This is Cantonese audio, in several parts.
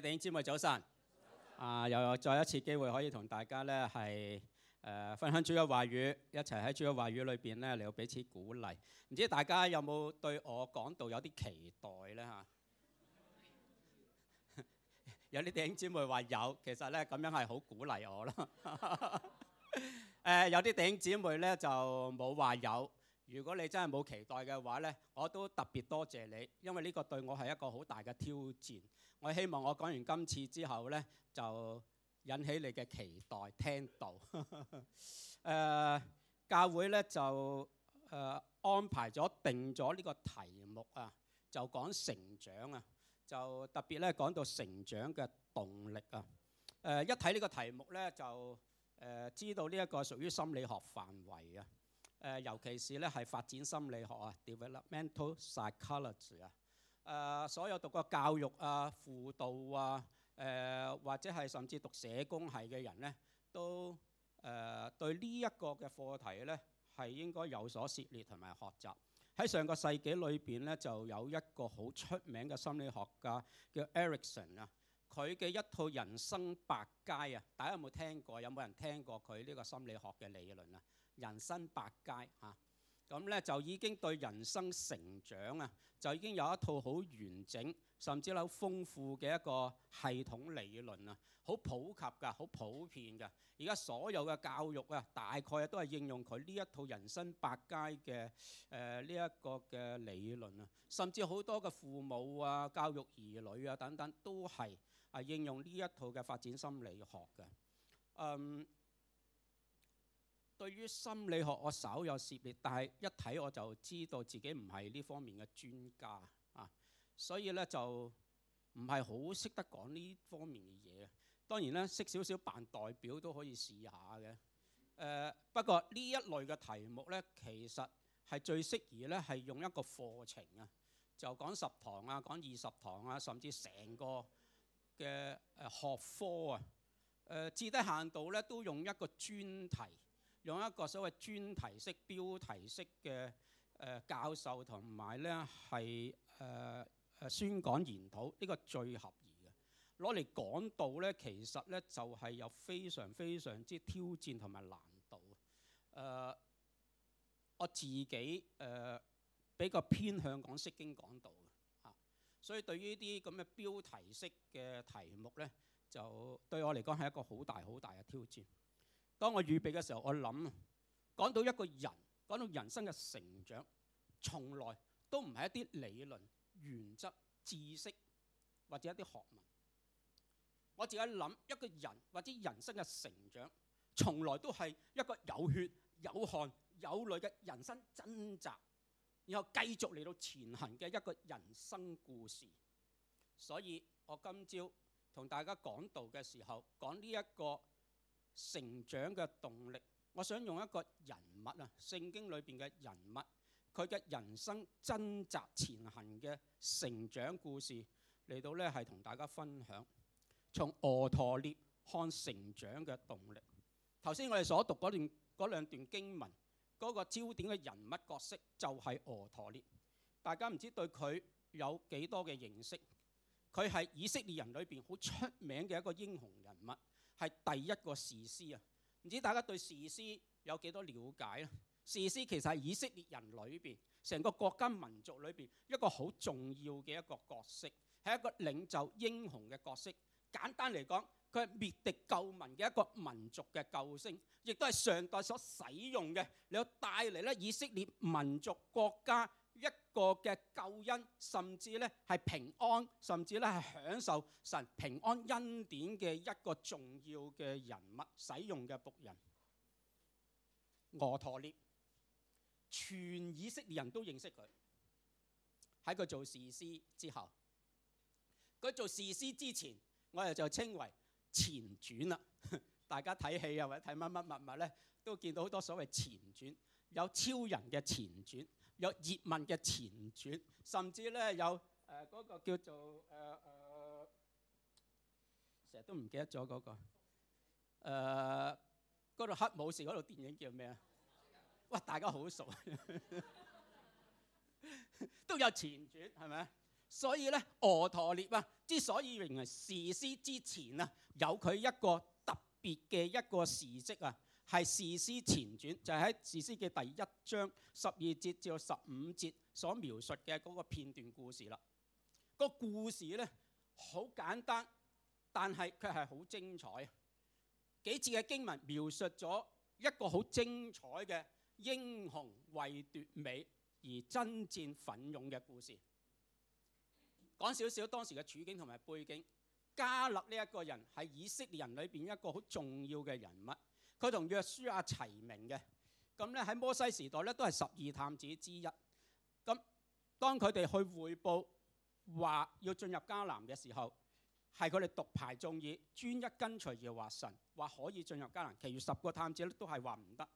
弟兄姊妹早晨，啊又有再一次機會可以同大家咧係誒分享主嘅話語，一齊喺主嘅話語裏邊咧嚟到彼此鼓勵。唔知大家有冇對我講道有啲期待咧嚇？ 有啲弟兄姊妹話有，其實咧咁樣係好鼓勵我咯。誒 有啲弟兄姊妹咧就冇話有，有。如果你真係冇期待嘅話呢，我都特別多謝你，因為呢個對我係一個好大嘅挑戰。我希望我講完今次之後呢，就引起你嘅期待，聽到。誒， 教會呢就誒安排咗定咗呢個題目啊，就講成長啊，就特別咧講到成長嘅動力啊。誒一睇呢個題目呢，就知道呢一個屬於心理學範圍啊。誒，尤其是咧係發展心理學啊，developmental psychology 啊，誒，所有讀過教育啊、輔導啊，誒、呃，或者係甚至讀社工系嘅人咧，都誒、呃、對呢一個嘅課題咧係應該有所涉獵同埋學習。喺上個世紀裏邊咧，就有一個好出名嘅心理學家叫 Erikson 啊，佢嘅一套人生百階啊，大家有冇聽過？有冇人聽過佢呢個心理學嘅理論啊？人生八階嚇，咁、啊、咧就已經對人生成長啊，就已經有一套好完整，甚至啦好豐富嘅一個系統理論啊，好普及噶，好普遍噶。而家所有嘅教育啊，大概都係應用佢呢一套人生八階嘅誒呢一個嘅理論啊，甚至好多嘅父母啊，教育兒女啊等等，都係係應用呢一套嘅發展心理學嘅。嗯。對於心理學，我稍有涉獵，但係一睇我就知道自己唔係呢方面嘅專家啊，所以咧就唔係好識得講呢方面嘅嘢。當然咧，識少少扮代表都可以試下嘅。誒，不過呢一類嘅題目咧，其實係最適宜咧，係用一個課程啊，就講十堂啊，講二十堂啊，甚至成個嘅誒學科啊，誒至低限度咧都用一個專題。用一個所謂專題式、標題式嘅誒、呃、教授同埋咧係誒誒宣講研討，呢、這個最合宜嘅攞嚟講道咧，其實咧就係、是、有非常非常之挑戰同埋難度。誒、呃、我自己誒、呃、比較偏向講釋經講道嘅，嚇，所以對於啲咁嘅標題式嘅題目咧，就對我嚟講係一個好大好大嘅挑戰。當我預備嘅時候，我諗啊，講到一個人，講到人生嘅成長，從來都唔係一啲理論、原則、知識或者一啲學問。我自己諗，一個人或者人生嘅成長，從來都係一個有血有汗有淚嘅人生掙扎，然後繼續嚟到前行嘅一個人生故事。所以我今朝同大家講道嘅時候，講呢一個。成長嘅動力，我想用一個人物啊，聖經裏邊嘅人物，佢嘅人生掙扎前行嘅成長故事嚟到咧，係同大家分享。從俄陀聶看成長嘅動力。頭先我哋所讀嗰段嗰兩段經文，嗰個焦點嘅人物角色就係俄陀聶。大家唔知對佢有幾多嘅認識。佢係以色列人裏邊好出名嘅一個英雄人物。係第一個士師啊！唔知大家對士師有幾多了解咧？士師其實係以色列人裏邊，成個國家民族裏邊一個好重要嘅一個角色，係一個領袖英雄嘅角色。簡單嚟講，佢係滅敵救民嘅一個民族嘅救星，亦都係上代所使用嘅，你有帶嚟咧以色列民族國家個嘅救恩，甚至咧係平安，甚至咧係享受神平安恩典嘅一個重要嘅人物，使用嘅僕人，俄陀聶，全以色列人都認識佢。喺佢做士師之後，佢做士師之前，我哋就稱為前傳啦。大家睇戲啊，或者睇乜乜物物咧，都見到好多所謂前傳，有超人嘅前傳。有葉問嘅前傳，甚至咧有誒嗰、呃那個叫做誒誒，成、呃、日、呃、都唔記得咗嗰個誒嗰套黑武士嗰套、那個、電影叫咩啊？哇！大家好熟， 都有前傳係咪？所以咧，俄陀聶啊，之所以原來士師之前啊，有佢一個特別嘅一個事蹟啊。係《士師》前傳，就係喺《士師》嘅第一章十二節至到十五節所描述嘅嗰個片段故事啦。個故事咧好簡單，但係佢係好精彩。幾次嘅經文描述咗一個好精彩嘅英雄為奪美而爭戰奮勇嘅故事。講少少當時嘅處境同埋背景，加勒呢一個人係以色列人裏邊一個好重要嘅人物。佢同約書亞齊名嘅，咁咧喺摩西時代咧都係十二探子之一。咁當佢哋去彙報話要進入迦南嘅時候，係佢哋獨排眾議，專一跟隨耶和華神，話可以進入迦南。其餘十個探子咧都係話唔得。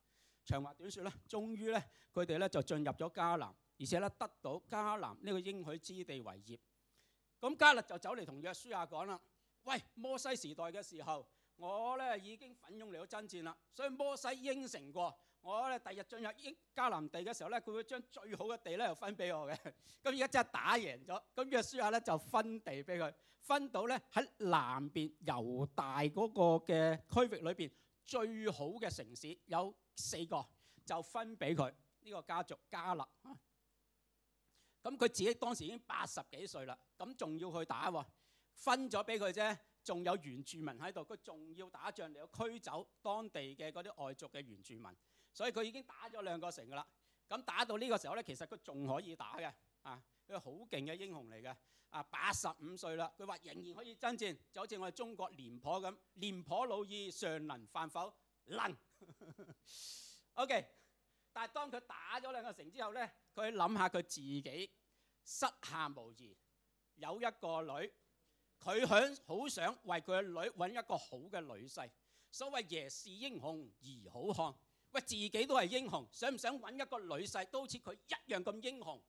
長話短説啦，終於咧佢哋咧就進入咗迦南，而且咧得到迦南呢個應許之地為業。咁迦勒就走嚟同約書亞講啦：喂，摩西時代嘅時候。我咧已經奮勇嚟到爭戰啦，所以摩西應承過我咧，第日進入應迦南地嘅時候咧，佢會將最好嘅地咧又分俾我嘅。咁而家真係打贏咗，咁約書亞咧就分地俾佢，分到咧喺南邊猶大嗰個嘅區域裏邊最好嘅城市有四個，就分俾佢呢個家族加勒啊。咁佢自己當時已經八十幾歲啦，咁仲要去打喎？分咗俾佢啫。仲有原住民喺度，佢仲要打仗嚟到驅走當地嘅嗰啲外族嘅原住民，所以佢已經打咗兩個城噶啦。咁打到呢個時候咧，其實佢仲可以打嘅，啊，佢係好勁嘅英雄嚟嘅，啊，八十五歲啦，佢話仍然可以爭戰，就好似我哋中國廉頗咁，廉頗老矣尚能飯否？能。OK，但係當佢打咗兩個城之後咧，佢諗下佢自己，膝下無兒，有一個女。佢響好想為佢嘅女揾一個好嘅女婿。所謂爺是英雄而好漢，喂自己都係英雄，想唔想揾一個女婿都好似佢一樣咁英雄，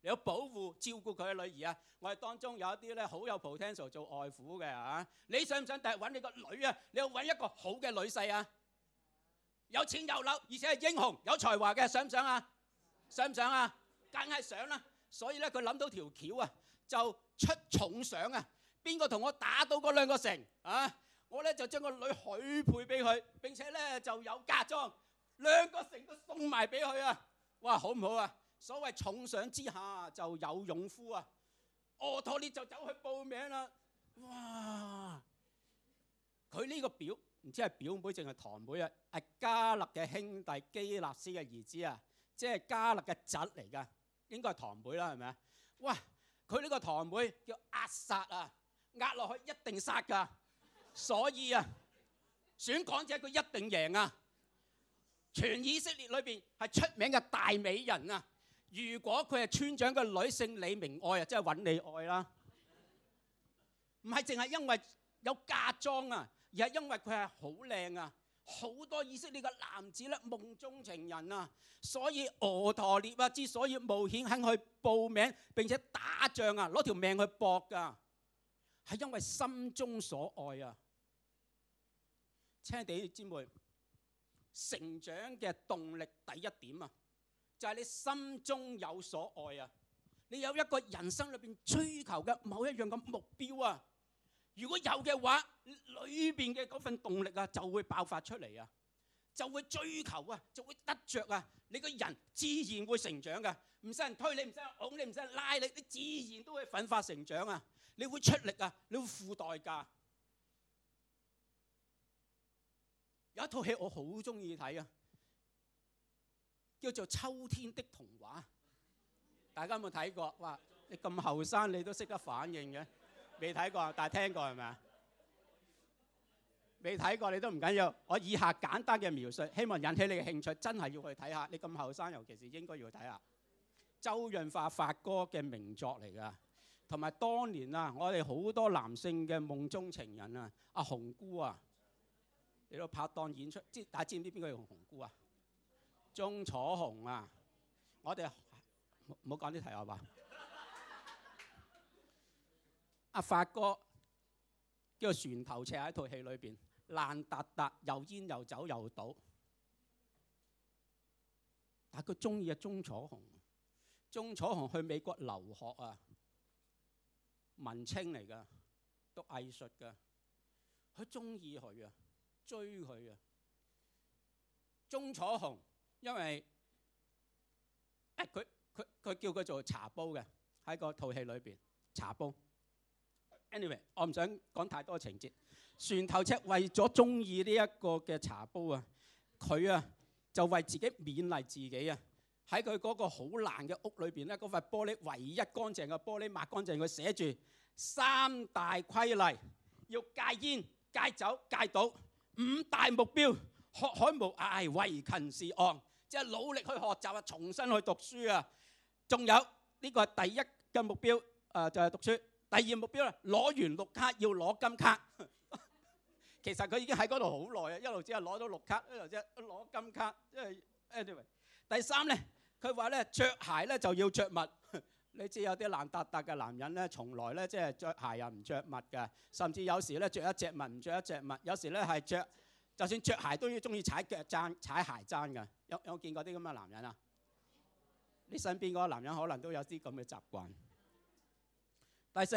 你要保護照顧佢嘅女兒啊？我哋當中有啲咧好有 potential 做外父嘅嚇，你想唔想第日揾你個女啊？你要揾一個好嘅女婿啊，有錢有樓，而且係英雄有才華嘅，想唔想啊？想唔想啊？梗係想啦！所以咧，佢諗到條橋啊，就出重賞啊！邊個同我打到嗰兩個城啊？我咧就將個女許配俾佢，並且咧就有嫁妝，兩個城都送埋俾佢啊！哇，好唔好啊？所謂重賞之下就有勇夫啊！俄陀聶就走去報名啦！哇，佢呢個表唔知係表妹定係堂妹啊？係加勒嘅兄弟基納斯嘅兒子啊，即係加勒嘅侄嚟噶，應該係堂妹啦，係咪啊？哇，佢呢個堂妹叫押撒啊！壓落去一定殺㗎，所以啊，選港者佢一定贏啊！全以色列裏邊係出名嘅大美人啊！如果佢係村長嘅女性李明愛啊，即係揾你愛啦。唔係淨係因為有嫁妝啊，而係因為佢係好靚啊，好多以色列嘅男子咧夢中情人啊！所以俄陀聶啊之所以冒險肯去報名並且打仗啊，攞條命去搏㗎。係因為心中所愛啊，青地姐妹成長嘅動力第一點啊，就係你心中有所愛啊，你有一個人生裏邊追求嘅某一樣嘅目標啊，如果有嘅話，裏邊嘅嗰份動力啊就會爆發出嚟啊，就會追求啊，就會得著啊，你個人自然會成長嘅，唔使人推你，唔使人拱你，唔使人拉你，你自然都會奮發成長啊。你會出力啊！你會付代價。有一套戲我好中意睇啊，叫做《秋天的童話》，大家有冇睇過？哇！你咁後生你都識得反應嘅，未睇過，但係聽過係咪啊？未睇過你都唔緊要，我以下簡單嘅描述，希望引起你嘅興趣，真係要去睇下。你咁後生，尤其是應該要去睇下，周潤發發哥嘅名作嚟噶。同埋當年啊，我哋好多男性嘅夢中情人啊，阿紅姑啊，你都拍檔演出，即大家知唔知邊個叫紅姑啊？鐘楚紅啊，我哋唔好講啲題外話。阿 發、啊、哥叫船頭斜喺套戲裏邊，爛達達又煙又酒又賭，但係佢中意阿鐘楚紅。鐘楚紅去美國留學啊。文青嚟㗎，讀藝術㗎，佢中意佢啊，追佢啊。鐘楚紅，因為哎，佢佢佢叫佢做茶煲嘅，喺個套戲裏邊茶煲。Anyway，我唔想講太多情節。船頭尺為咗中意呢一個嘅茶煲啊，佢啊就為自己勉勵自己啊。喺佢嗰個好爛嘅屋裏邊咧，嗰塊玻璃唯一乾淨嘅玻璃抹乾淨，佢寫住三大規例，要戒煙、戒酒、戒賭；五大目標，學海無涯，唯勤是岸，即係努力去學習啊，重新去讀書啊。仲有呢個係第一嘅目標，誒就係讀書；第二目標咧，攞完綠卡要攞金卡。其實佢已經喺嗰度好耐啊，一路只係攞到綠卡，一路只攞金卡。即係 anyway，第三咧。佢話咧，着鞋咧就要着襪。你知有啲爛搭搭嘅男人咧，從來咧即係着鞋又唔着襪嘅，甚至有時咧着一隻襪唔着一隻襪。有時咧係着，就算着鞋都要中意踩腳踭、踩鞋踭嘅。有有冇見過啲咁嘅男人啊？你身邊嗰男人可能都有啲咁嘅習慣。第四，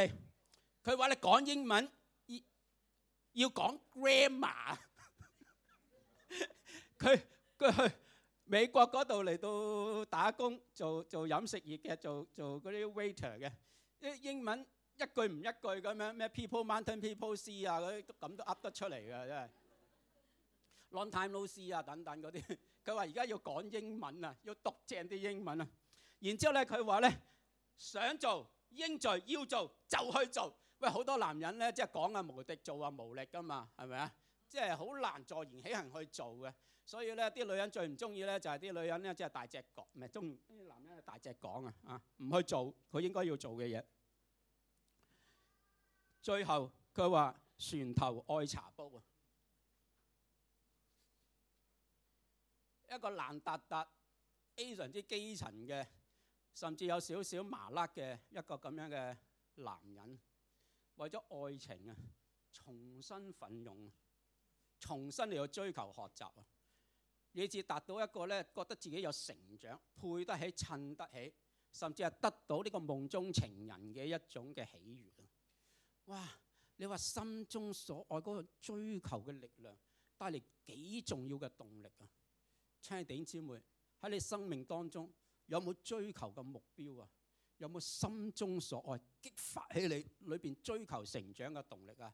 佢話你講英文要講 grammar。佢佢去。美國嗰度嚟到打工做做飲食業嘅，做做嗰啲 waiter 嘅，啲英文一句唔一句咁樣咩 people mountain people sea 啊，嗰啲咁都噏得出嚟㗎，真係。long time no see 啊等等嗰啲，佢話而家要講英文啊，要讀正啲英文啊。然之後咧，佢話咧想做應在要做就去做。喂，好多男人咧即係講啊無敵，做啊無力㗎嘛，係咪啊？即係好難坐言起行去做嘅。所以咧，啲女人最唔中意咧，就係啲女人咧，即係大隻講，唔係中意啲男人係大隻講啊！啊，唔去做佢應該要做嘅嘢。最後佢話：船頭愛茶煲啊！一個爛撻撻、非常之基層嘅，甚至有少少麻甩嘅一個咁樣嘅男人，為咗愛情啊，重新奮勇，重新嚟去追求學習啊！你至達到一個咧，覺得自己有成長，配得起、襯得起，甚至係得到呢個夢中情人嘅一種嘅喜悅咯。哇！你話心中所愛嗰個追求嘅力量，帶嚟幾重要嘅動力啊！親愛的姊妹，喺你生命當中，有冇追求嘅目標啊？有冇心中所愛激發起你裏邊追求成長嘅動力啊？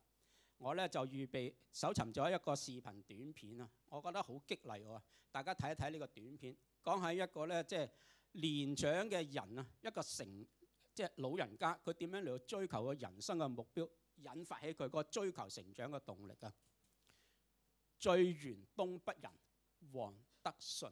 我咧就預備搜尋咗一個視頻短片啊，我覺得好激勵喎，哦，大家睇一睇呢個短片，講喺一，一個咧即係年長嘅人啊，一個成即係、就是、老人家，佢點樣嚟到追求個人生嘅目標，引發起佢個追求成長嘅動力啊！最原東北人王德順。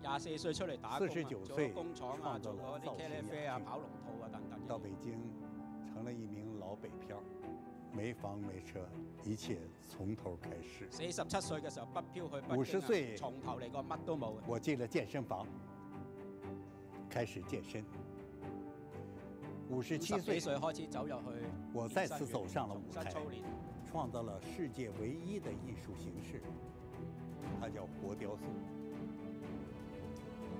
廿四歲出嚟打工，四十九歲做工廠啊，做嗰啲茄喱啡啊，跑龍套啊，等等。到北京，成了一名老北漂，沒房沒車，一切從頭開始。四十七歲嘅時候北漂去北京啊，從頭嚟過，乜都冇。我進了健身房，開始健身。五十七歲開始走入去。我再次走上了舞台，重新操練，創造了世界唯一嘅藝術形式，它叫活雕塑。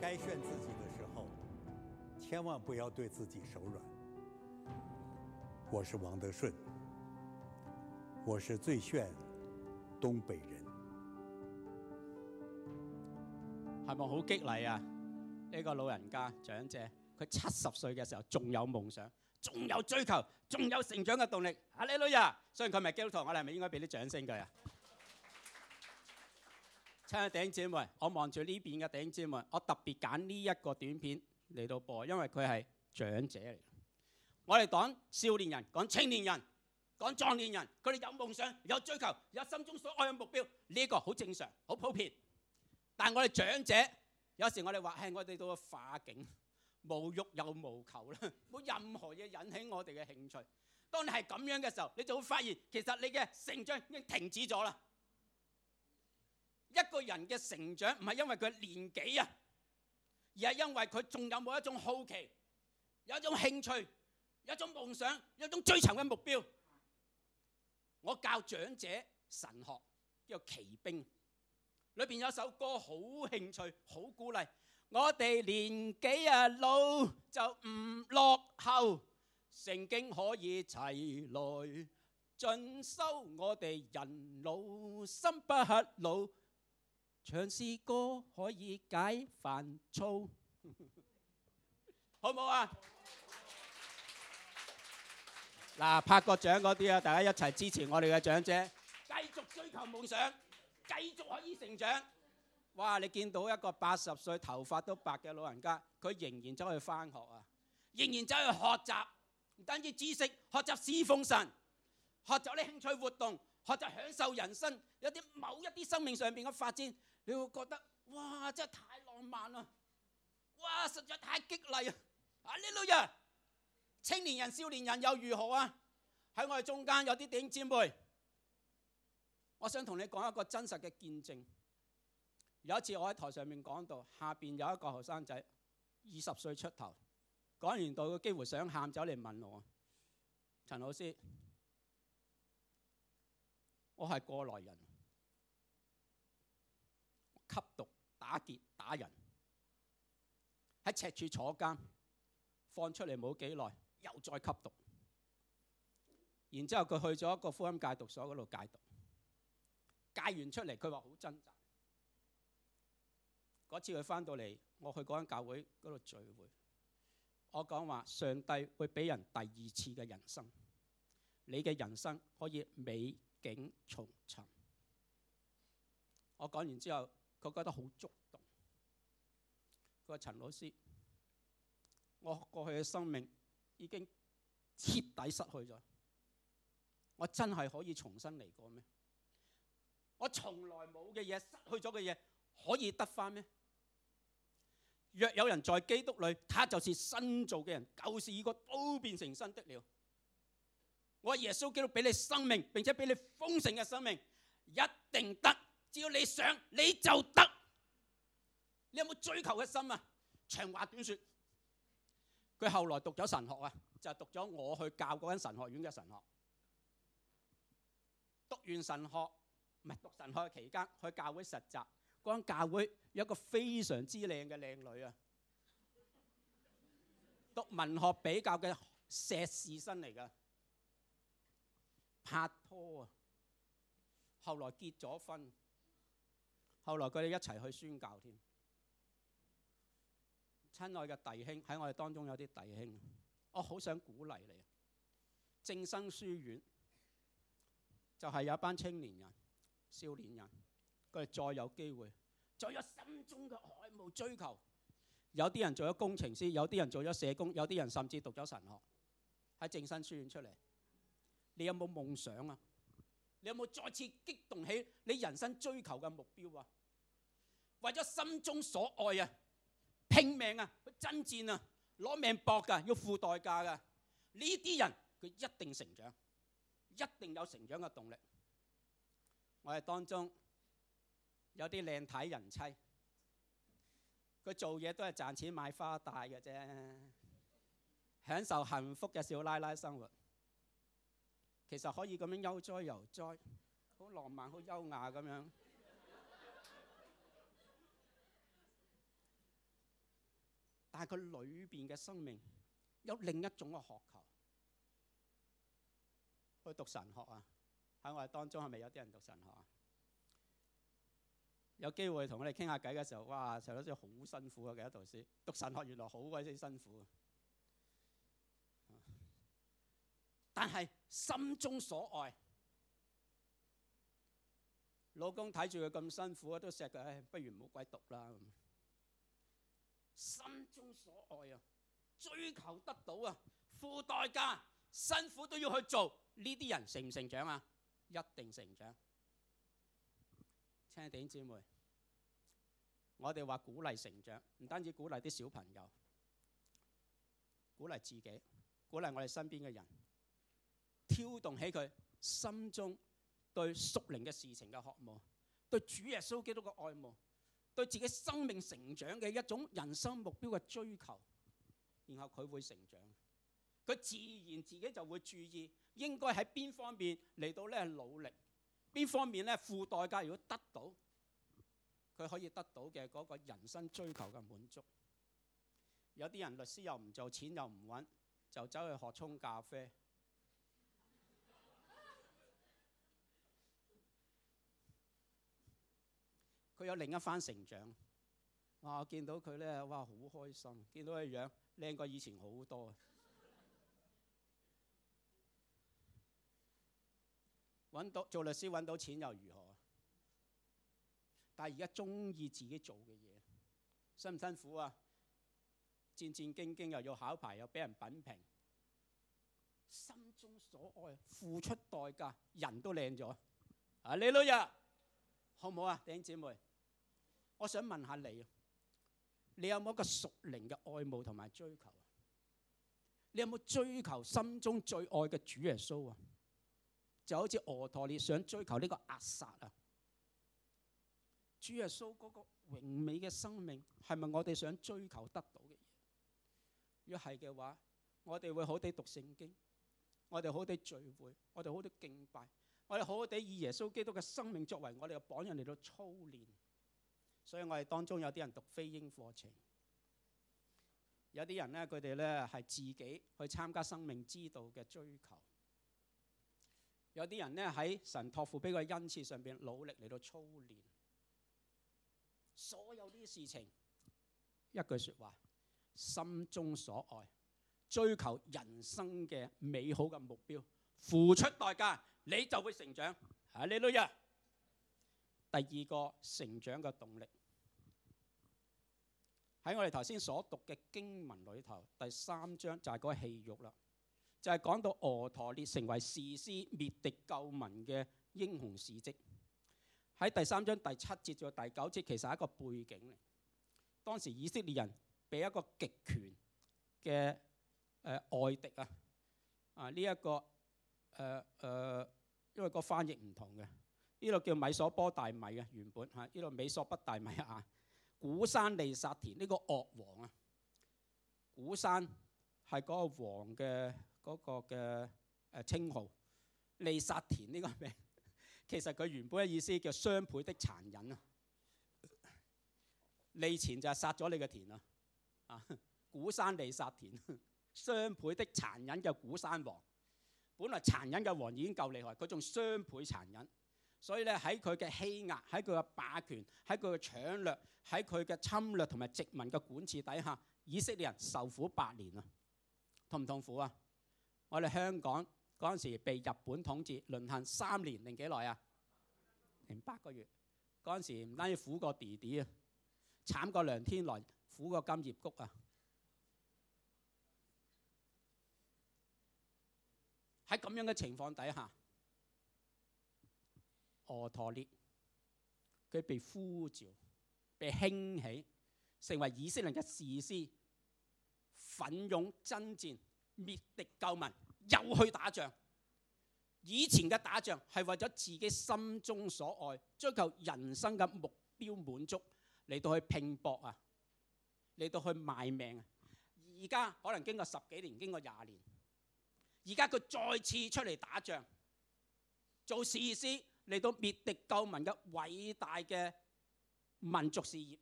該炫自己的時候，千萬不要對自己手軟。我是王德順，我是最炫東北人。係咪好激勵啊？呢個老人家長者，佢七十歲嘅時候仲有夢想，仲有追求，仲有成長嘅動力。啊，呢老人，雖然佢唔係基督徒，我哋係咪應該俾啲掌聲佢啊？親嘅弟兄姊妹，我望住呢邊嘅弟兄姊妹，我特別揀呢一個短片嚟到播，因為佢係長者嚟。我哋講少年人、講青年人、講壯年人，佢哋有夢想、有追求、有心中所愛嘅目標，呢個好正常、好普遍。但係我哋長者，有時我哋話係我哋到個化境，無欲又無求啦，冇任何嘢引起我哋嘅興趣。當你係咁樣嘅時候，你就會發現其實你嘅成長已經停止咗啦。一個人嘅成長唔係因為佢年紀啊，而係因為佢仲有冇一種好奇，有一種興趣，有一種夢想，有一種追求嘅目標。我教長者神學叫《奇兵》，裏邊有首歌好興趣，好鼓勵。我哋年紀啊老就唔落後，成經可以齊來進修。我哋人老心不老。唱詩歌可以解煩躁，好唔好啊？嗱，拍個掌嗰啲啊，大家一齊支持我哋嘅長者，繼續追求夢想，繼續可以成長。哇！你見到一個八十歲頭髮都白嘅老人家，佢仍然走去返學啊，仍然走去學,學習，唔單止知識，學習侍奉神，學習啲興趣活動，學習享受人生，有啲某一啲生命上面嘅發展。你會覺得哇，真係太浪漫啦！哇，實在太激勵啊！啊，呢老人、青年人、少年人又如何啊？喺我哋中間有啲頂尖輩，我想同你講一個真實嘅見證。有一次我喺台上面講到，下邊有一個學生仔二十歲出頭，講完到佢幾乎想喊走嚟問我，陳老師，我係過來人。吸毒、打劫、打人，喺赤柱坐監，放出嚟冇幾耐又再吸毒，然之後佢去咗一個福音戒毒所嗰度戒毒，戒完出嚟佢話好掙扎。嗰次佢翻到嚟，我去嗰間教會嗰度聚會，我講話上帝會俾人第二次嘅人生，你嘅人生可以美景重尋。我講完之後。佢覺得好觸動。佢話：陳老師，我過去嘅生命已經徹底失去咗。我真係可以重新嚟過咩？我從來冇嘅嘢，失去咗嘅嘢，可以得翻咩？若有人在基督裏，他就是新造嘅人，舊事已過都變成新的了。我耶穌基督俾你生命，並且俾你豐盛嘅生命，一定得。只要你想你就得，你有冇追求嘅心啊？長話短説，佢後來讀咗神學啊，就係讀咗我去教嗰間神學院嘅神學。讀完神學，唔係讀神學嘅期間，去教會實習，嗰間教會有一個非常之靚嘅靚女啊，讀文學比較嘅碩士生嚟㗎，拍拖啊，後來結咗婚。後來佢哋一齊去宣教添。親愛嘅弟兄，喺我哋當中有啲弟兄，我好想鼓勵你啊！正生書院就係、是、有一班青年人、少年人，佢哋再有機會，再有心中嘅渴慕追求。有啲人做咗工程師，有啲人做咗社工，有啲人甚至讀咗神學喺正生書院出嚟，你有冇夢想啊？你有冇再次激動起你人生追求嘅目標啊？為咗心中所愛啊，拼命啊去爭戰啊，攞命搏噶，要付代價噶。呢啲人佢一定成長，一定有成長嘅動力。我哋當中有啲靚體人妻，佢做嘢都係賺錢買花戴嘅啫，享受幸福嘅少奶奶生活。其實可以咁樣悠哉悠哉，好浪漫，好優雅咁樣。 但係佢裏邊嘅生命有另一種嘅渴求，去讀神學啊！喺我哋當中係咪有啲人讀神學啊？有機會同我哋傾下偈嘅時候，哇！陳老師好辛苦啊，記得導師讀神學原來好鬼死辛苦啊！但係，心中所愛，老公睇住佢咁辛苦，都錫佢，不如唔好鬼讀啦。心中所愛啊，追求得到啊，付代價、辛苦都要去做。呢啲人成唔成長啊？一定成長。青點姊妹，我哋話鼓勵成長，唔單止鼓勵啲小朋友，鼓勵自己，鼓勵我哋身邊嘅人。挑動起佢心中對屬靈嘅事情嘅渴望，對主耶穌基督嘅愛慕，對自己生命成長嘅一種人生目標嘅追求，然後佢會成長，佢自然自己就會注意應該喺邊方面嚟到咧努力，邊方面咧付代價如果得到，佢可以得到嘅嗰個人生追求嘅滿足。有啲人，律師又唔做，錢又唔揾，就走去學沖咖啡。有另一番成長，哇！我見到佢咧，哇，好開心。見到佢樣靚過以前好多。揾 到做律師揾到錢又如何？但係而家中意自己做嘅嘢，辛唔辛苦啊？戰戰兢兢又要考牌，又俾人品評， 心中所愛付出代價，人都靚咗。啊，阿利路亞，好唔好啊，弟兄 姐妹？我想問下你啊，你有冇一個屬靈嘅愛慕同埋追求？你有冇追求心中最愛嘅主耶穌啊？就好似俄陀聶想追求呢個押撒啊！主耶穌嗰個榮美嘅生命係咪我哋想追求得到嘅嘢？如果係嘅話，我哋會好地讀聖經，我哋好地聚會，我哋好地敬拜，我哋好好地以耶穌基督嘅生命作為我哋嘅榜樣嚟到操練。所以我哋當中有啲人讀非英課程，有啲人咧，佢哋咧，係自己去參加生命之道嘅追求，有啲人咧，喺神託付俾佢恩賜上邊努力嚟到操練，所有啲事情。一句説話，心中所愛，追求人生嘅美好嘅目標，付出代價，你就會成長。係你女啊！第二個成長嘅動力喺我哋頭先所讀嘅經文裏頭，第三章就係個戲肉啦，就係講到俄陀聶成為士師滅敵救民嘅英雄事蹟。喺第三章第七節到第九節，其實係一個背景嚟。當時以色列人俾一個極權嘅誒外敵啊啊，呢一個誒誒、呃呃，因為個翻譯唔同嘅。呢度叫米索波大米嘅原本嚇，呢度米索北大米啊。古山利薩田呢個惡王啊，古山係嗰個王嘅嗰個嘅誒稱號，利薩田呢個名，其實佢原本嘅意思叫雙倍的殘忍啊。利前就係殺咗你嘅田啊，啊古山利薩田雙倍的殘忍嘅古山王，本來殘忍嘅王已經夠厲害，佢仲雙倍殘忍。所以咧，喺佢嘅欺壓，喺佢嘅霸權，喺佢嘅搶掠，喺佢嘅侵略同埋殖民嘅管治底下，以色列人受苦八年啊，痛唔痛苦啊？我哋香港嗰陣時被日本統治，淪陷三年零幾耐啊，零八個月，嗰陣時唔單止苦過弟弟啊，慘過梁天來，苦過金葉菊啊！喺咁樣嘅情況底下。俄陀聶，佢被呼召，被興起，成為以色列嘅士師，奮勇爭戰，滅敵救民，又去打仗。以前嘅打仗係為咗自己心中所愛，追求人生嘅目標滿足，嚟到去拼搏啊，嚟到去賣命啊。而家可能經過十幾年，經過廿年，而家佢再次出嚟打仗，做士師。嚟到滅敵救民嘅偉大嘅民族事業，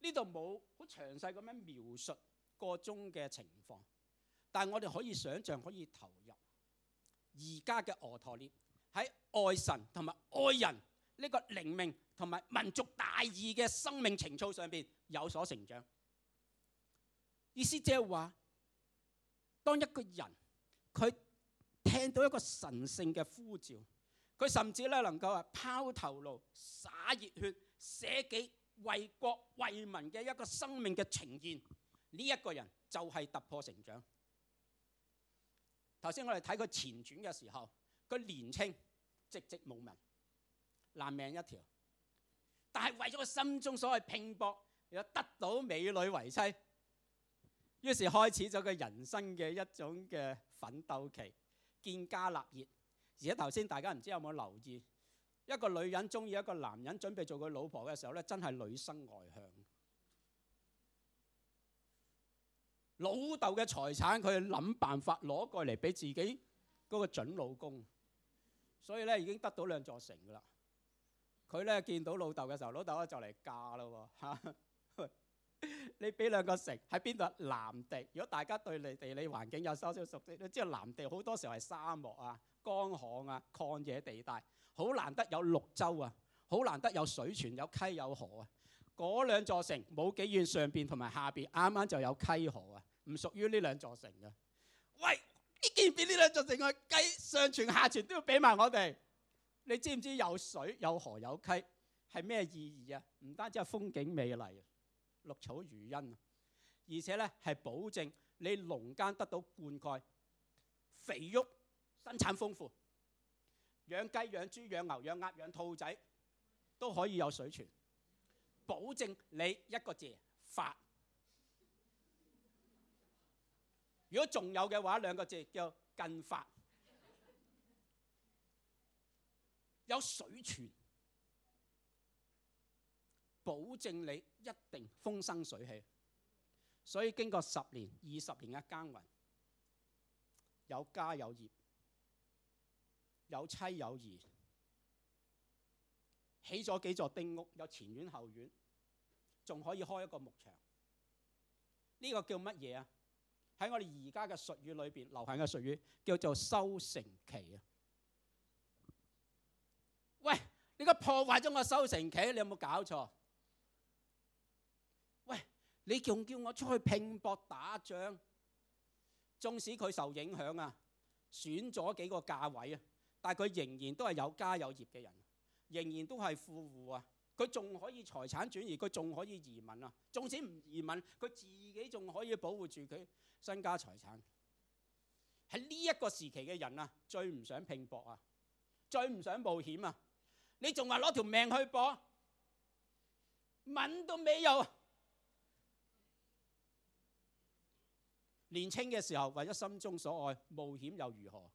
呢度冇好詳細咁樣描述個中嘅情況，但係我哋可以想像，可以投入而家嘅俄陀聶喺愛神同埋愛人呢個靈命同埋民族大義嘅生命情操上邊有所成長。意思即係話，當一個人佢，聽到一個神聖嘅呼召，佢甚至咧能夠啊拋頭顱、灑熱血、捨己為國為民嘅一個生命嘅呈現。呢、這、一個人就係突破成長。頭先我哋睇佢前傳嘅時候，佢年青、籍籍無名、爛命一條，但係為咗佢心中所謂拼搏，有得到美女為妻，於是開始咗佢人生嘅一種嘅奮鬥期。建家立業，而家頭先大家唔知有冇留意，一個女人中意一個男人，準備做佢老婆嘅時候咧，真係女生外向。老豆嘅財產，佢諗辦法攞過嚟俾自己嗰個準老公，所以咧已經得到兩座城㗎啦。佢咧見到老豆嘅時候，老豆咧就嚟嫁啦喎嚇。你俾兩個城喺邊度？南地。如果大家對你地理環境有稍少熟悉，你知啊，南地好多時候係沙漠啊、乾旱啊、曠野地帶，好難得有綠洲啊，好難得有水泉、有溪、有河啊。嗰兩座城冇幾遠，上邊同埋下邊啱啱就有溪河啊，唔屬於呢兩座城啊。喂，你竟然俾呢兩座城嘅雞上泉下泉都要俾埋我哋？你知唔知道有水有河有溪係咩意義啊？唔單止係風景美麗。綠草如茵啊，而且咧係保證你農間得到灌溉肥沃，生產豐富。養雞、養豬、養牛、養鴨、養兔仔都可以有水泉，保證你一個字發。如果仲有嘅話，兩個字叫近發，有水泉。保證你一定風生水起，所以經過十年、二十年嘅耕耘，有家有業，有妻有兒，起咗幾座丁屋，有前院後院，仲可以開一個牧場。呢、這個叫乜嘢啊？喺我哋而家嘅術語裏邊流行嘅術語叫做收成期啊！喂，你個破壞咗我收成期，你有冇搞錯？你仲叫我出去拼搏打仗，縱使佢受影響啊，選咗幾個價位啊，但係佢仍然都係有家有業嘅人，仍然都係富戶啊。佢仲可以財產轉移，佢仲可以移民啊。縱使唔移民，佢自己仲可以保護住佢身家財產。喺呢一個時期嘅人啊，最唔想拼搏啊，最唔想冒險啊。你仲話攞條命去搏，問都未有。年輕嘅時候，為咗心中所愛冒險又如何？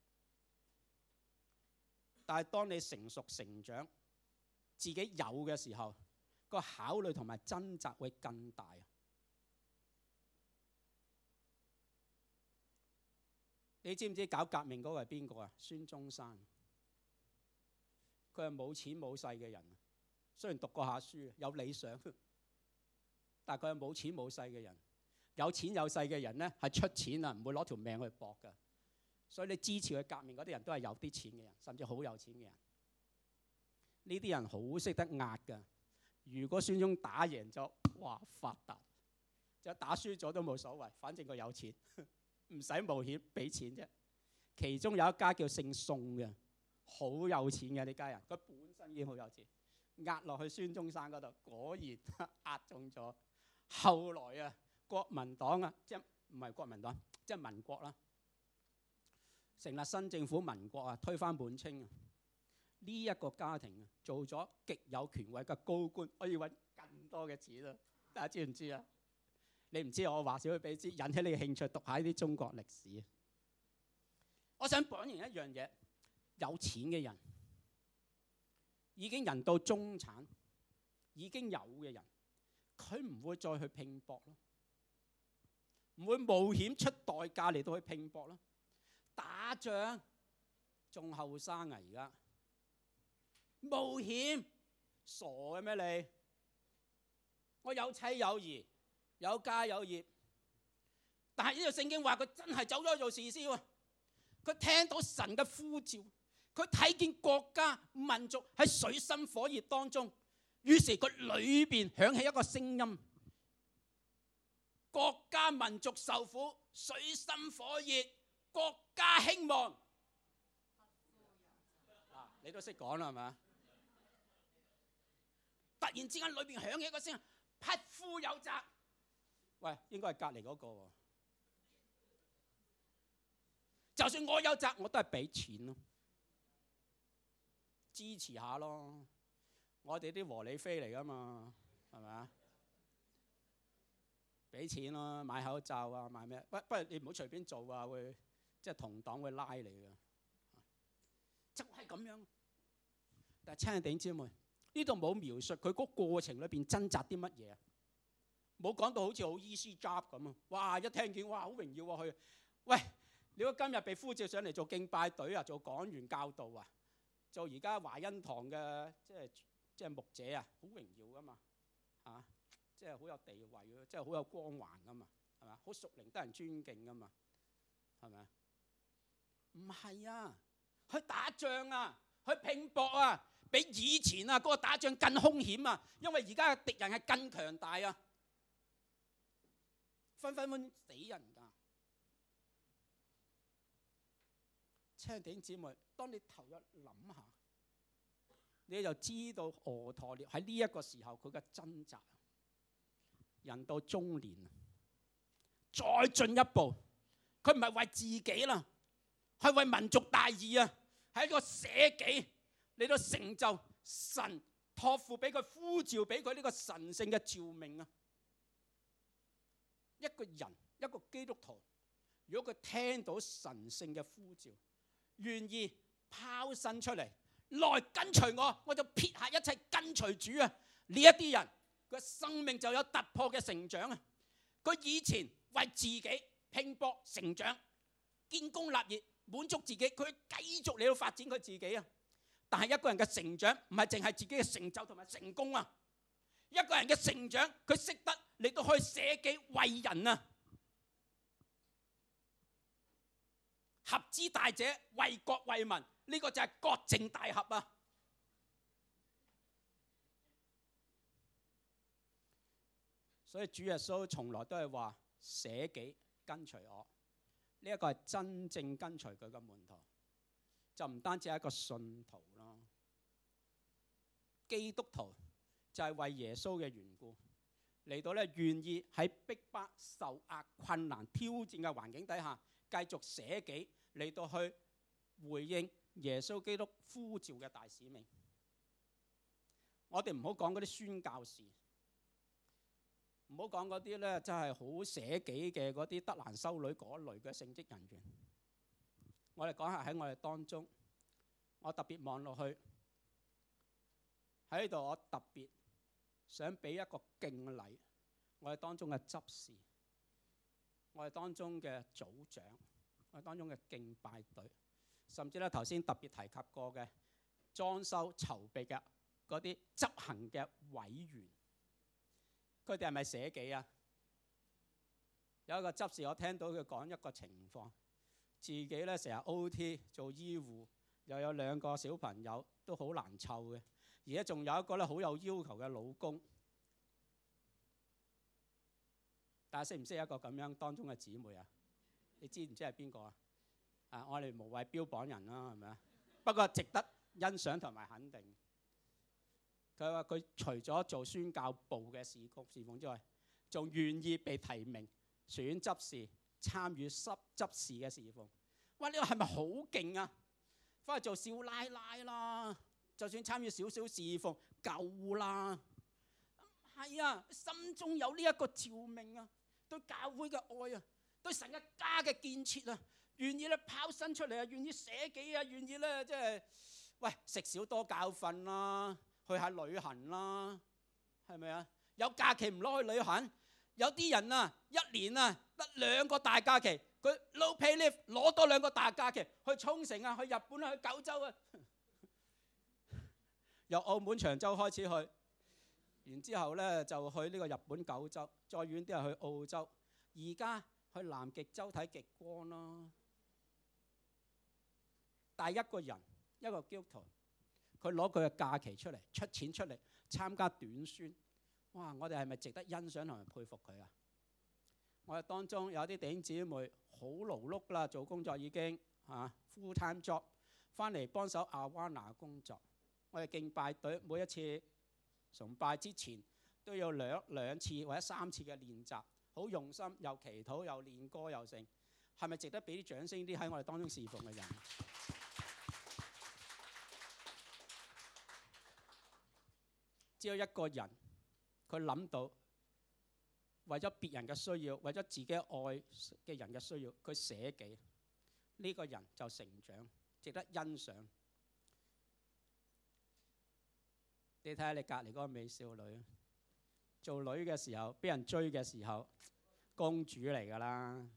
但係當你成熟成長，自己有嘅時候，個考慮同埋掙扎會更大。你知唔知搞革命嗰個係邊個啊？孫中山，佢係冇錢冇勢嘅人，雖然讀過下書，有理想，但係佢係冇錢冇勢嘅人。有錢有勢嘅人咧，係出錢啊，唔會攞條命去搏㗎。所以你支持佢革命嗰啲人都係有啲錢嘅人，甚至好有錢嘅人。呢啲人好識得壓㗎。如果孫中打贏咗，哇發達；就打輸咗都冇所謂，反正佢有錢，唔使冒險俾錢啫。其中有一家叫姓宋嘅，好有錢嘅呢家人，佢本身已經好有錢，壓落去孫中山嗰度，果然壓中咗。後來啊～國民黨啊，即係唔係國民黨，即係民，民國啦，成立新政府，民國啊，推翻滿清啊。呢、這、一個家庭啊，做咗極有權位嘅高官，可以揾更多嘅錢啊！大家知唔知啊？你唔知我話少啲俾你知，引起你嘅興趣，讀下啲中國歷史。我想講完一樣嘢：有錢嘅人已經人到中產，已經有嘅人，佢唔會再去拼搏咯。唔會冒險出代價嚟到去拼搏咯，打仗？仲後生啊？而家，冒險？傻嘅咩你？我有妻有兒有家有業，但係呢個聖經話佢真係走咗去做事先喎，佢聽到神嘅呼召，佢睇見國家民族喺水深火熱當中，於是佢裏邊響起一個聲音。國家民族受苦，水深火熱，國家興亡。啊，你都識講啦，係咪？突然之間，裏邊響起一個聲：匹夫有責。喂，應該係隔離嗰個喎、啊。就算我有責，我都係俾錢咯、啊，支持下咯。我哋啲和你飛嚟㗎嘛，係咪啊？俾錢咯、啊，買口罩啊，買咩？不不過你唔好隨便做啊，會即係同黨會拉你噶。就係、是、咁樣、啊。但係撐頂姐妹，呢度冇描述佢嗰過程裏邊掙扎啲乜嘢啊？冇講到好似好 easy job 咁啊！哇，一聽見哇好榮耀啊佢，喂，你話今日被呼召上嚟做敬拜隊啊，做講員教導啊，做而家華恩堂嘅即係即係牧者啊，好榮耀噶嘛嚇。啊。即係好有地位，即係好有光環噶嘛，係咪？好熟靈，得人尊敬噶嘛，係咪？唔係啊，去打仗啊，去拼搏啊，比以前啊嗰個打仗更凶險啊，因為而家嘅敵人係更強大啊，分分分死人㗎。青頂姊妹，當你投入諗下，你就知道俄陀聶喺呢一個時候佢嘅掙扎。人到中年，再進一步，佢唔係為自己啦，係為民族大義啊！係一個捨己嚟到成就神託付俾佢呼召俾佢呢個神聖嘅召命啊！一個人一個基督徒，如果佢聽到神聖嘅呼召，願意拋身出嚟來，來跟隨我，我就撇下一切跟隨主啊！呢一啲人。佢生命就有突破嘅成長啊！佢以前為自己拼搏成長、建功立業、滿足自己，佢繼續嚟到發展佢自己啊！但係一個人嘅成長唔係淨係自己嘅成就同埋成功啊！一個人嘅成長，佢識得你都可以捨己為人啊！合之大者，為國為民，呢個就係國政大合啊！所以主耶穌從來都係話捨己跟隨我，呢一個係真正跟隨佢嘅門徒，就唔單止係一個信徒咯。基督徒就係為耶穌嘅緣故嚟到咧，願意喺逼迫，迫、受壓、困難、挑戰嘅環境底下，繼續捨己嚟到去回應耶穌基督呼召嘅大使命。我哋唔好講嗰啲宣教士。唔好講嗰啲咧，真係好捨己嘅嗰啲德蘭修女嗰類嘅聖職人員。我哋講下喺我哋當中，我特別望落去喺呢度，我特別想俾一個敬禮，我哋當中嘅執事，我哋當中嘅組長，我哋當中嘅敬拜隊，甚至咧頭先特別提及過嘅裝修籌備嘅嗰啲執行嘅委員。佢哋係咪寫記啊？有一個執事，我聽到佢講一個情況，自己咧成日 OT 做醫護，又有兩個小朋友都好難湊嘅，而家仲有一個咧好有要求嘅老公。大家識唔識一個咁樣當中嘅姊妹啊？你知唔知係邊個啊？啊，我哋無謂標榜人啦，係咪啊？ 不過值得欣賞同埋肯定。佢話：佢除咗做宣教部嘅事工事奉之外，仲願意被提名選執事參與執事嘅事奉。哇！呢個係咪好勁啊？返去做少奶奶啦，就算參與少少事奉夠啦。係啊，心中有呢一個召命啊，對教會嘅愛啊，對神嘅家嘅建設啊，願意咧拋身出嚟啊，願意捨己啊，願意咧即係喂食少多教訓啦、啊。去下旅行啦，係咪啊？有假期唔攞去旅行，有啲人啊，一年啊得兩個大假期，佢 no pay leave 攞多兩個大假期去沖繩啊，去日本啊，去九州啊， 由澳門長洲開始去，然之後咧就去呢個日本九州，再遠啲係去澳洲，而家去南極洲睇極光咯、啊，但係一個人一個 l t 佢攞佢嘅假期出嚟，出錢出嚟，參加短宣，哇！我哋係咪值得欣賞同埋佩服佢啊？我哋當中有啲弟兄姊妹好勞碌啦，做工作已經嚇、啊、full time job，翻嚟幫手阿 w 亞 n a 工作。我哋敬拜隊每一次崇拜之前都有兩兩次或者三次嘅練習，好用心，又祈禱，又練歌又成。係咪值得俾啲掌聲啲喺我哋當中侍奉嘅人？只有一個人，佢諗到，為咗別人嘅需要，為咗自己愛嘅人嘅需要，佢捨己，呢個人就成長，值得欣賞。你睇下你隔離嗰個美少女，做女嘅時候，俾人追嘅時候，公主嚟㗎喇，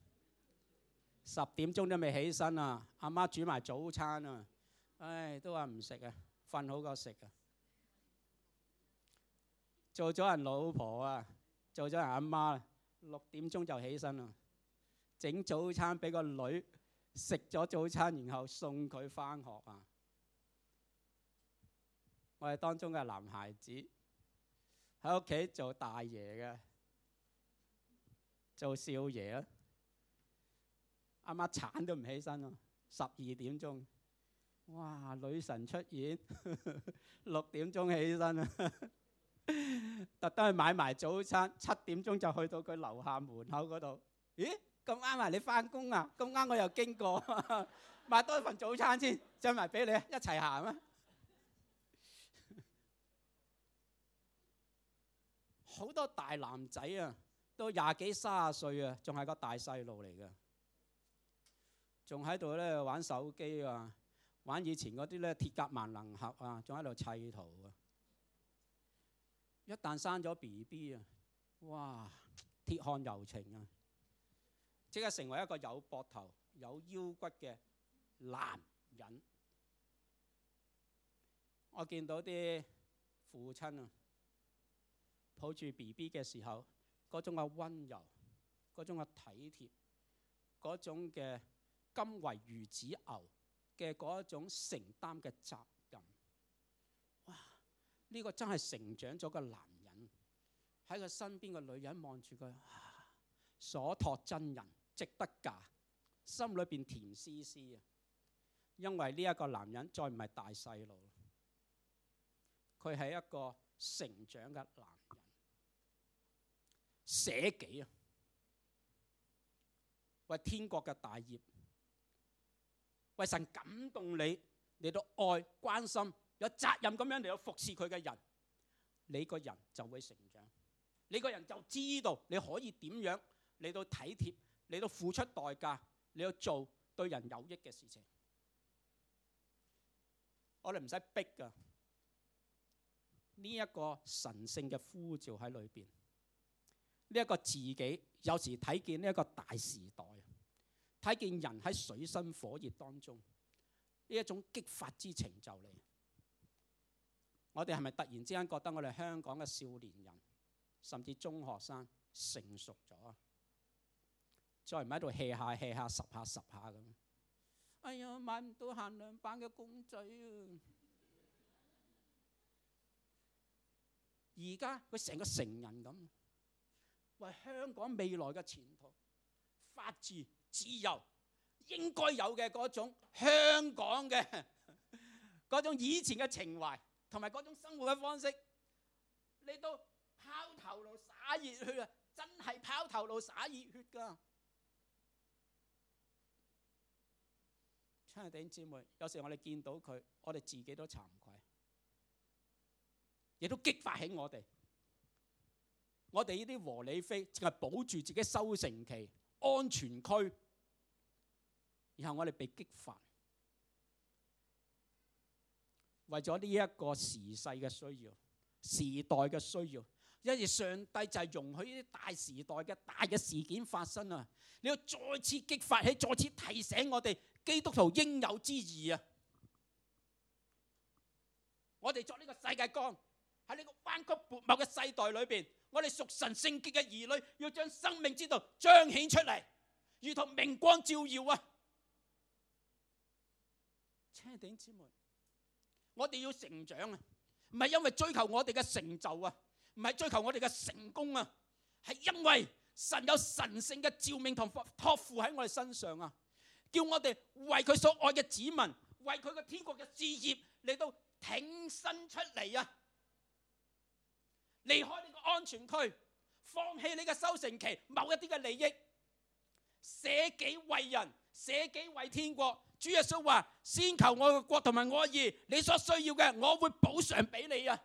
十點鐘都未起身啊，阿媽煮埋早餐啊，唉，都話唔食啊，瞓好過食啊。做咗人老婆啊，做咗人阿媽啦，六點鐘就起身啦，整早餐俾個女食咗早餐，然後送佢返學啊。我哋當中嘅男孩子，喺屋企做大爺嘅，做少爺啊。阿媽鏟都唔起身啊，十二點鐘，哇，女神出現，六點鐘起身啊！特登去買埋早餐，七點鐘就去到佢樓下門口嗰度。咦？咁啱啊！你翻工啊？咁啱我又經過，買多份早餐先，將埋俾你，一齊行啊！好多大男仔啊，都廿幾三十歲啊，仲係個大細路嚟噶，仲喺度咧玩手機啊，玩以前嗰啲咧鐵甲萬能俠啊，仲喺度砌圖啊。一旦生咗 B B 啊，哇，鐵漢柔情啊，即刻成為一個有膊頭有腰骨嘅男人。我見到啲父親啊，抱住 B B 嘅時候，嗰種嘅溫柔，嗰種嘅體貼，嗰種嘅甘為孺子牛嘅嗰一種承擔嘅責任。呢、這個真係成長咗嘅男人，喺佢身邊嘅女人望住佢，所託真人值得嫁，心裏面甜絲絲啊！因為呢一個男人再唔係大細路，佢係一個成長嘅男人，捨己啊，為天國嘅大業，為神感動你，你都愛關心。有責任咁樣嚟到服侍佢嘅人，你個人就會成長，你個人就知道你可以點樣嚟到體貼，嚟到付出代價，你去做對人有益嘅事情。我哋唔使逼噶，呢一個神聖嘅呼召喺裏邊，呢一個自己有時睇見呢一個大時代，睇見人喺水深火熱當中，呢一種激發之情就嚟。我哋係咪突然之間覺得我哋香港嘅少年人，甚至中學生成熟咗啊？再唔係喺度 hea 下 hea 下，十下十下咁。哎呀，買唔到限量版嘅公仔啊！而家佢成個成人咁，為香港未來嘅前途、法治、自由，應該有嘅嗰種香港嘅，嗰種以前嘅情懷。同埋各種生活嘅方式，你都拋頭顱灑熱血啊！真係拋頭顱灑熱血㗎，兄弟姊妹。有時我哋見到佢，我哋自己都慚愧，亦都激發起我哋。我哋呢啲和理非，淨係保住自己收成期安全區，然後我哋被激發。為咗呢一個時勢嘅需要，時代嘅需要，因為上帝就係容許呢啲大時代嘅大嘅事件發生啊！你要再次激發起，再次提醒我哋基督徒應有之義啊！我哋作呢個世界光喺呢個彎曲悖謬嘅世代裏邊，我哋屬神聖潔嘅兒女要將生命之道彰顯出嚟，如同明光照耀啊！車頂之門。我哋要成長啊，唔係因為追求我哋嘅成就啊，唔係追求我哋嘅成功啊，係因為神有神聖嘅召命同託付喺我哋身上啊，叫我哋為佢所愛嘅子民，為佢嘅天國嘅事業嚟到挺身出嚟啊，離開呢個安全區，放棄你個修成期某一啲嘅利益，捨己為人，捨己為天國。主耶穌話：先求我嘅國同埋我嘅義，你所需要嘅，我會補償俾你啊！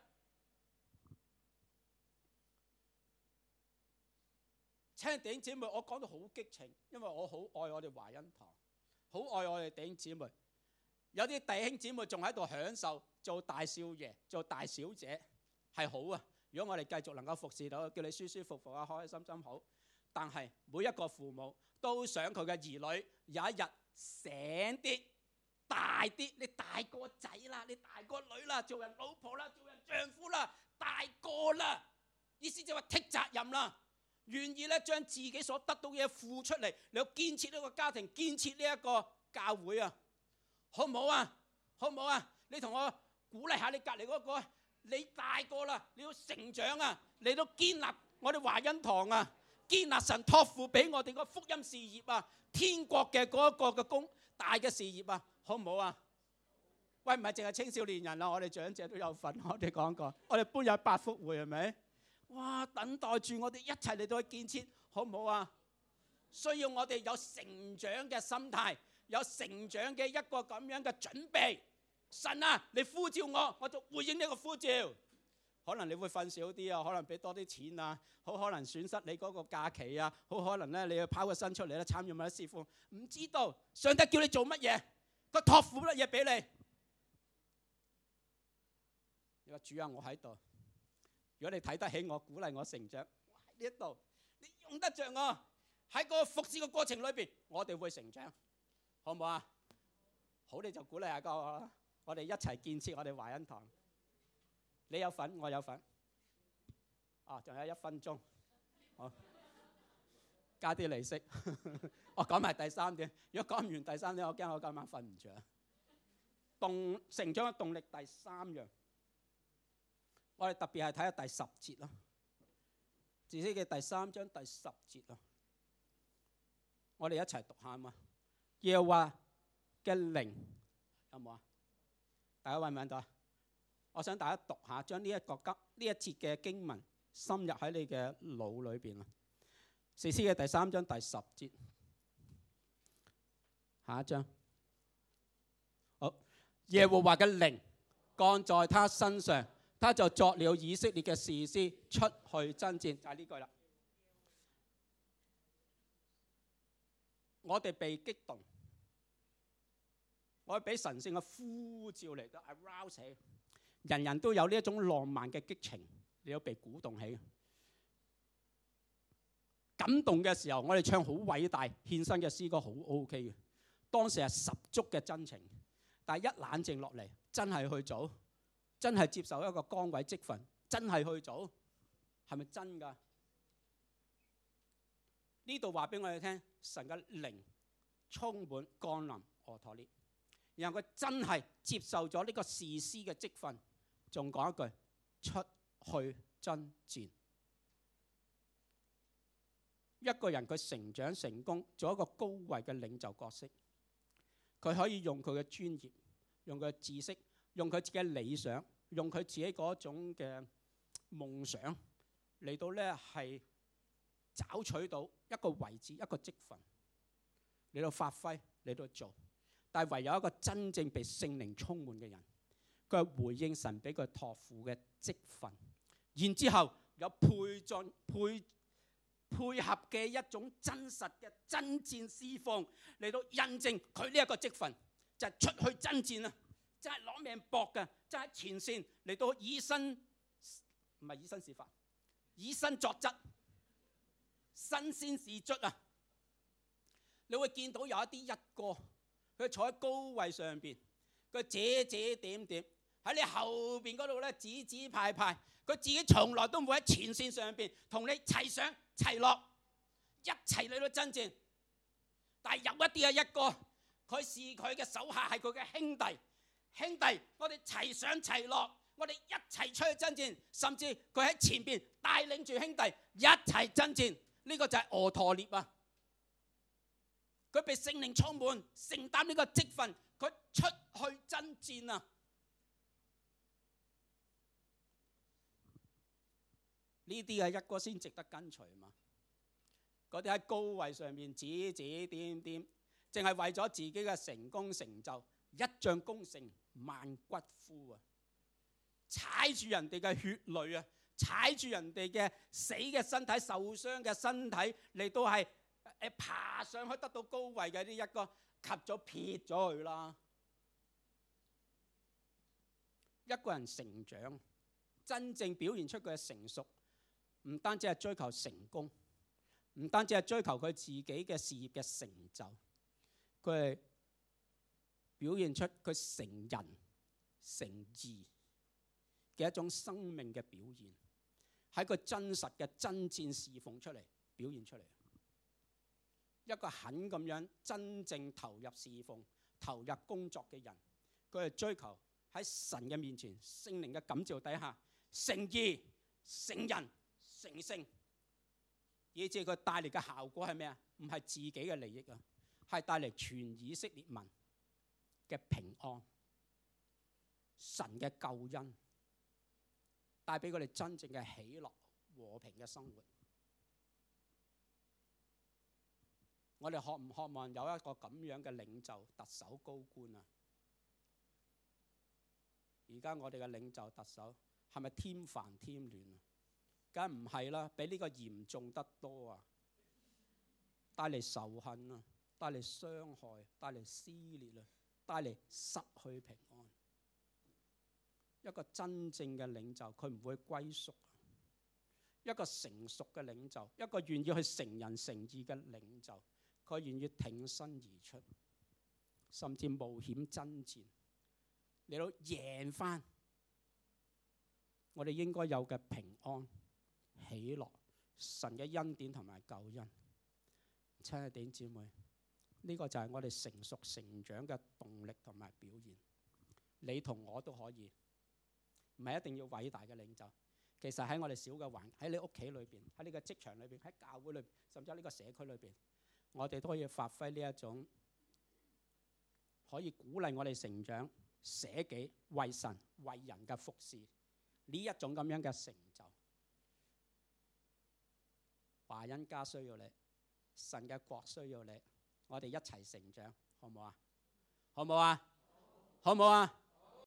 親弟兄姐妹，我講到好激情，因為我好愛我哋華恩堂，好愛我哋弟兄姐妹。有啲弟兄姊妹仲喺度享受做大少爺、做大小姐，係好啊！如果我哋繼續能夠服侍到，叫你舒舒服服啊、開開心心好。但係每一個父母都想佢嘅兒女有一日。醒啲，大啲，你大個仔啦，你大個女啦，做人老婆啦，做人丈夫啦，大個啦，意思就話剔責任啦，願意咧將自己所得到嘅嘢付出嚟，你要建設呢個家庭，建設呢一個教會啊，好唔好啊？好唔好啊？你同我鼓勵下你隔籬嗰個，你大個啦，你要成長啊，你都建立我哋華恩堂啊！建立神託付俾我哋個福音事業啊，天國嘅嗰一個嘅工大嘅事業啊，好唔好啊？喂，唔係淨係青少年人啊，我哋長者都有份。我哋講過，我哋搬入百福會係咪？哇！等待住我哋一齊嚟到去建設，好唔好啊？需要我哋有成長嘅心態，有成長嘅一個咁樣嘅準備。神啊，你呼召我，我就回應你個呼召。可能你會瞓少啲啊，可能俾多啲錢啊，好可能損失你嗰個假期啊，好可能咧你要拋個身出嚟咧參與乜師傅，唔知道上帝叫你做乜嘢，佢托付乜嘢俾你？你話主啊，我喺度，如果你睇得起我，鼓勵我成長，我喺呢一度，你用得着我喺個服侍嘅過程裏邊，我哋會成長，好唔好啊？好，你就鼓勵下個，我哋一齊建設我哋華恩堂。你有份，我有份。啊，仲有一分鐘，好， 加啲利禮息。 我講埋第三點，如果講唔完第三點，我驚我今晚瞓唔著。動成長嘅動力第三樣，我哋特別係睇下第十節咯，士師記嘅第三章第十節咯。我哋一齊讀下吖嘛，耶和華嘅靈有冇啊？大家揾唔揾到啊？我想大家讀一下，將呢一個急呢一節嘅經文深入喺你嘅腦裏邊啦。士師嘅第三章第十節，下一章。好，耶和華嘅靈降在他身上，他就作了以色列嘅士師，出去爭戰。就係呢句啦。我哋被激動，我俾神聖嘅呼召嚟到 arouse 人人都有呢一種浪漫嘅激情，你要被鼓動起、感動嘅時候，我哋唱好偉大、獻身嘅詩歌，好 O K 嘅。當時係十足嘅真情，但係一冷靜落嚟，真係去做，真係接受一個崗位職分，真係去做，係咪真㗎？呢度話俾我哋聽，神嘅靈充滿降臨俄陀聶，然後佢真係接受咗呢個士師嘅職分。仲講一句，出去爭戰。一個人佢成長成功，做一個高位嘅領袖角色，佢可以用佢嘅專業，用佢嘅知識，用佢自己嘅理想，用佢自己嗰種嘅夢想嚟到呢係抓取到一個位置，一個職分嚟到發揮嚟到做。但係唯有一個真正被聖靈充滿嘅人。佢回應神俾佢托付嘅積分，然之後有配進配配合嘅一種真實嘅真戰釋放嚟到印證佢呢一個積分，就係、是、出去真戰啊！即係攞命搏嘅，即係前線嚟到以身唔係以身試法，以身作則，身先士卒啊！你會見到有一啲一個佢坐喺高位上邊，佢姐姐點點。喺你後邊嗰度咧指指派派，佢自己從來都冇喺前線上邊同你齊上齊落，一齊嚟到爭戰。但係有一啲啊一個，佢是佢嘅手下，係佢嘅兄弟。兄弟，我哋齊上齊落，我哋一齊出去爭戰。甚至佢喺前邊帶領住兄弟一齊爭戰。呢、這個就係俄陀聶啊！佢被聖靈充滿，承擔呢個職份，佢出去爭戰啊！呢啲係一個先值得跟隨嘛？嗰啲喺高位上面指指點點，淨係為咗自己嘅成功成就，一將功成萬骨枯啊！踩住人哋嘅血淚啊，踩住人哋嘅死嘅身體、受傷嘅身體嚟到係誒爬上去得到高位嘅呢一個，及咗撇咗佢啦。一個人成長，真正表現出佢嘅成熟。唔單止係追求成功，唔單止係追求佢自己嘅事業嘅成就，佢係表現出佢成人誠意嘅一種生命嘅表現，喺佢真實嘅真摯侍奉出嚟，表現出嚟一個肯咁樣真正投入侍奉、投入工作嘅人，佢係追求喺神嘅面前聖靈嘅感召底下誠意成，成人。誠信，以至佢帶嚟嘅效果係咩啊？唔係自己嘅利益啊，係帶嚟全以色列民嘅平安、神嘅救恩，帶俾佢哋真正嘅喜樂、和平嘅生活。我哋渴唔渴望有一個咁樣嘅領,、啊、領袖、特首、高官啊？而家我哋嘅領袖、特首係咪添煩添亂啊？梗唔係啦，比呢個嚴重得多啊！帶嚟仇恨啊，帶嚟傷害，帶嚟撕裂啊，帶嚟失去平安。一個真正嘅領袖，佢唔會歸宿；一個成熟嘅領袖，一個願意去成人成義嘅領袖，佢願意挺身而出，甚至冒險爭戰，你都贏翻我哋應該有嘅平安。喜樂，神嘅恩典同埋救恩。親愛的姐妹，呢個就係我哋成熟成長嘅動力同埋表現。你同我都可以，唔係一定要偉大嘅領袖。其實喺我哋小嘅環，喺你屋企裏邊，喺呢個職場裏邊，喺教會裏，甚至喺呢個社區裏邊，我哋都可以發揮呢一種可以鼓勵我哋成長、捨己、為神、為人嘅服侍呢一種咁樣嘅成就。華恩家需要你，神嘅國需要你，我哋一齊成長，好唔好啊？好唔好啊？好唔好啊？好